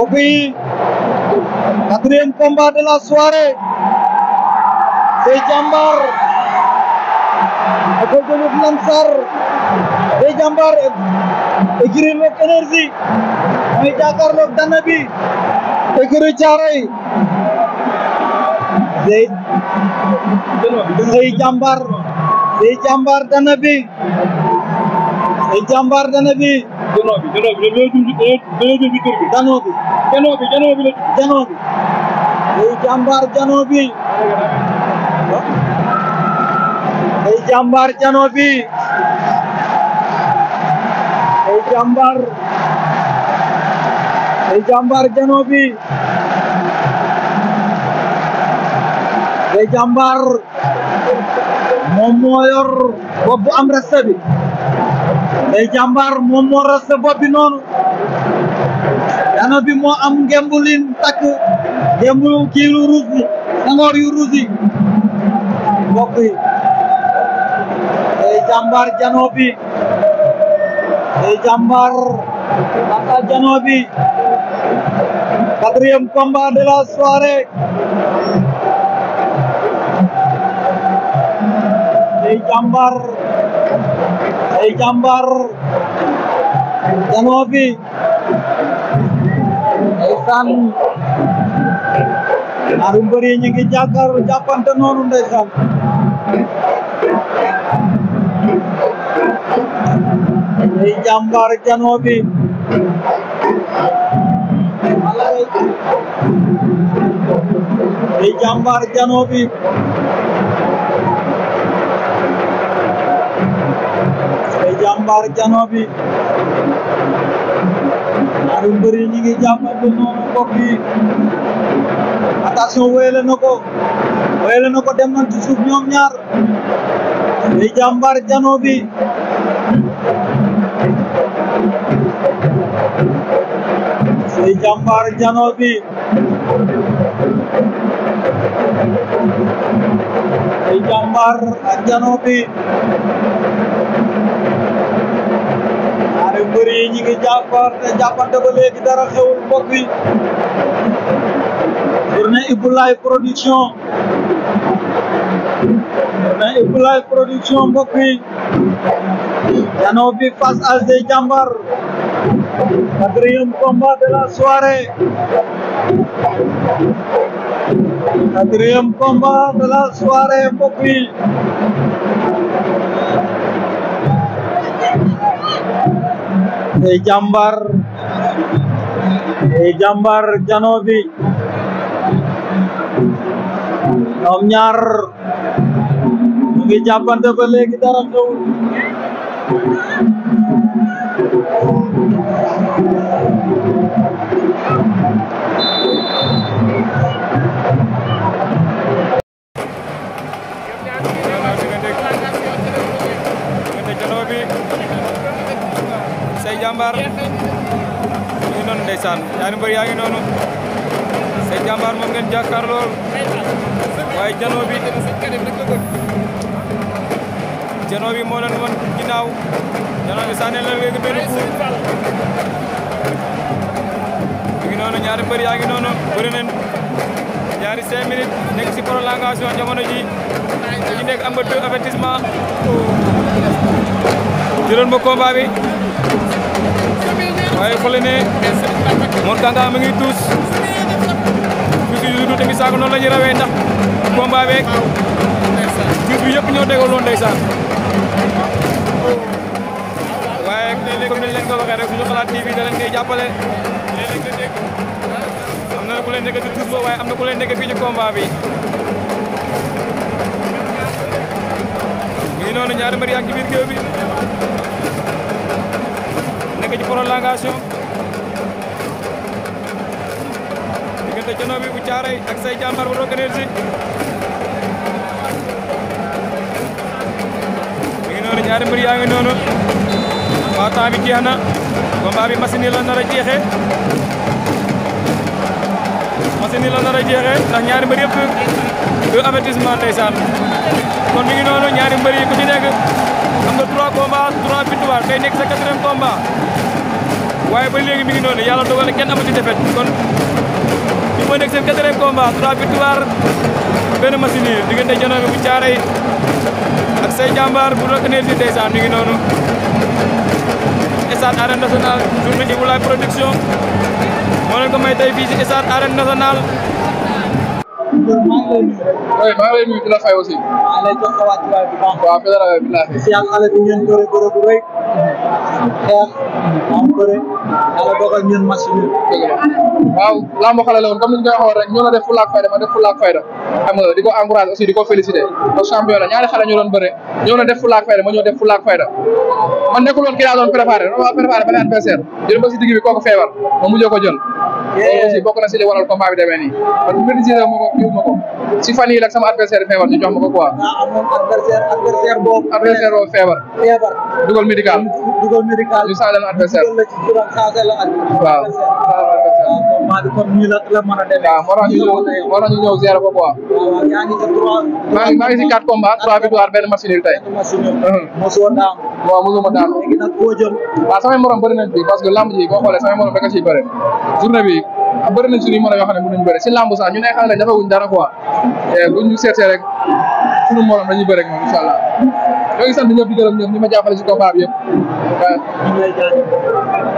mbokk yi quatrième combat de Sey Jambar école de lutte Lansar Sey Jambar écurie Rock Énergie mooy jàkkaarloog dana bi écurie Thiaroye Sey Sey Jambar Sey Jambar dana bi Sey Jambar dana bi janoo bi janoo bi dañoo jëm ci dañoo jëm ci tur bi. janoo bi janoo bi janoo bi la. janoo bi. day jàmbaar janoo bi. day jàmbaar janoo bi. day jàmbaar. day jàmbaar janoo bi. day jàmbaar. moom moo yor bopp bu am respect bi. day jàmbaar moom moo bi noonu dana bi am ngemb lin takk ngemb kii lu ruus bi sangoor yu ruus yi mbokk yi day jàmbaar janoo bi day jàmbaar aka janoo bi ay jàmbaar danoo fi ay saan ñaari mbër yi ñu ngi jàkkaar jàppante noonu ndeysaan ay jàmbaar janoo bi ay jàmbaar janoo bi ay jàmbaar janoo bi ñaari mbër yi ñu ngi jàppante noonu mbokk yi attention na ko wéyale na ko dem nañ ñoom ñaar ay jàmbaar janoo bi ay jàmbaar mbër yi ñi ngi jàppante jàppante ba léegi dara xewul mbokk yi journée Ibou Laye production journée Ibou Laye production mbokk yi janoo bi face à des jàmbar quatrième combat de la soirée quatrième combat de la soirée mbokk yi এই জাম্বার এই জাম্বার জানবি om ñaar mu ngi jàppante ba léegi dara xewul ndeysaan ñaari mbër yaa ngi noonu seen jàmbaar moom ngeen jàkkaar lool waaye janoo bi janoo bi moo leen wan ginnaaw janoo bi la léegi benn coup ñaari mbër yaa ngi noonu bëri nañ ñaari cinq minutes nekk si prolongation jamono ji ñu nekk am nga deux avertissement jëloon ba combat waaye xooli ne Mor Kanga mi ngi tuus tuus yu dul tamit saako noonu la rawee ndax combat beeg tuus bi yëpp ñoo déggoon ndeysaan waaye comme ni leen ko waxee rek suñu xalaat TV da leen koy am na ku leen nekk ci tuus waaye am na ku leen nekk fii ci combat bi ñu noonu ñaari mbër ci biir géew nekk ci prolongation diggante jono bi bu caaray ak say jàmbar bu roog énergie mi ngi ñaari mbir yaa waa temps bi jeex na combat bi machine yi la nar a jeexee machine yi ndax ñaari mbir yëpp du avertissement ndeysaan kon mi ñaari mbir yi ku nekk am nga trois combats trois victoires nekk sa quatrième combat waaye ba léegi mi ngi noonu kenn amati defet kon bi mooy nekk seen quatrième combat trois victoires benn machine yi bu caaray ak say jàmbaar bu rek si ndeysaan mi ngi noonu stade arène nationale journée Ibou Laye production moo leen tey fii si stade arène Ndiour maa ngi lay nuyu. oui maa ngi lay nuyu di la fay aussi. maa ngi lay jox sa wàcc waay bu baax. waaw fi la rawee bi laa fi. si yàlla xale bi ngeen bëre bëre bu rëy. xeex maa ngi bëre yàlla dogal la woon comme ni ñu koy waxoon rek ñoo la def fulla ak fayda ma def fulla ak fayda xam nga di ko aussi di félicité donc champion ñaari xale ñu doon bëre ñoo la def fulla ak fayda ma ñoo def fulla ak fayda man nekkul woon préparé dama préparé benn adversaire jël ba si digg bi feebar ma mujjee ko jël loolu aussi bokk na si li waral combat bi demee nii parce que médecin ma ko kiw ma ko si fan yii sama adversaire feebar ñu jox ma ko quoi ah, ah, moom boobu adversaire boobu feebar dugal médical dugal médical ñu waaw waaw comme nii a demee. waaw moo tax ñu ñëw moo tax ñu ñëw zéro ko quoi. yaa ngi ci trois. maa ngi maa ngi si quatre combats trois victoire benn match nul tey. mosoo daan. waaw mosuma daan. léegi samay morom bëri nañ fi parce que lamb ji boo xoolee samay morom rek a siy bëri journée bi bëri nañ suñuy morom yoo xam ne mënuñ bëri si lamb sax ñu ne xale lañ dafa wuñ dara quoi buñ ñu seetee rek suñu morom dañuy bëri ak moom incha allah ñoo ngi sant ñëpp di gërëm ñëpp ñi ma jàppale si combat bi yëpp